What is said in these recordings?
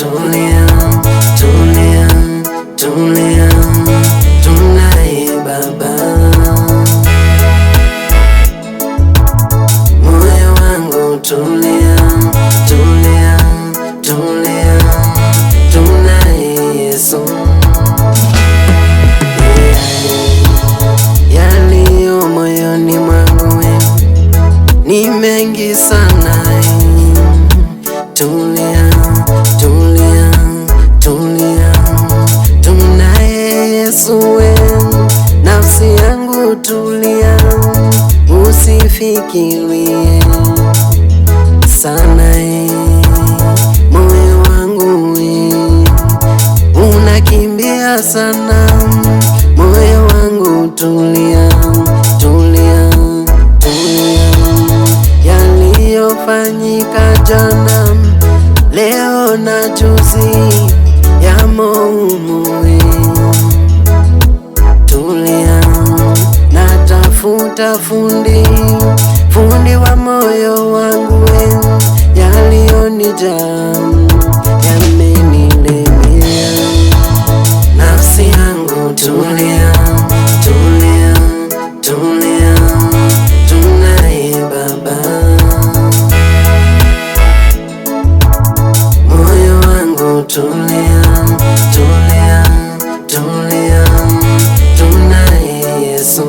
tulia, tulia, tulia, tunaye Baba. Moyo wangu tulia, tulia, tulia, tunaye Yesu. Yaliyo moyoni mwangu ni mengi sana, tulia uwe nafsi yangu tulia, usifikirie sana e, moyo wangu e, unakimbia sana, moyo wangu tulia, tulia, tulia, yaliyofanyika jana, leo na juzi yamo humu e. nimepata fundi, fundi wa moyo wangu, yaliyonijaa yamenilemea. Nafsi yangu tulia, tulia, tulia, tunaye Baba, moyo wangu tulia, tulia, tulia, tunaye Yesu.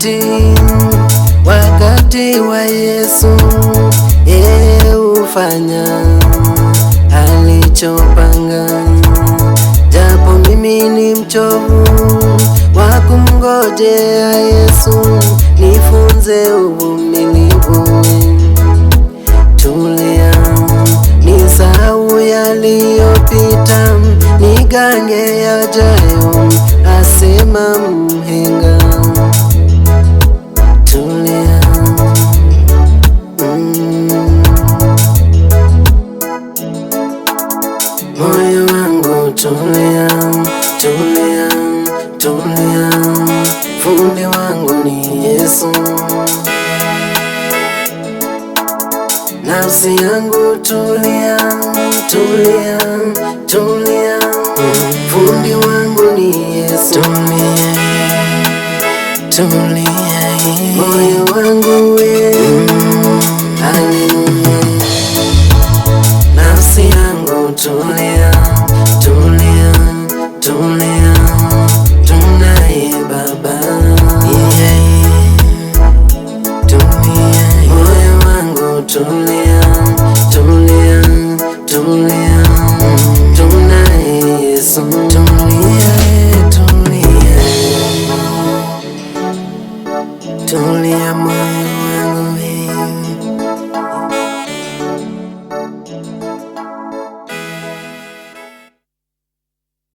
Wakati, wakati wa Yesu, yeye hufanya alichopanga mimi ni mchovu wa kumngojea Yesu, nifunze uvumilivu. Tulia, nisahau yaliyopita, nigange yajayo, asema mhenga. Tulia, tulia, fundi wangu ni Yesu. Nafsi yangu tulia, tulia, tulia, fundi wangu ni Yesu. Tulia, tulia, moyo wangu don't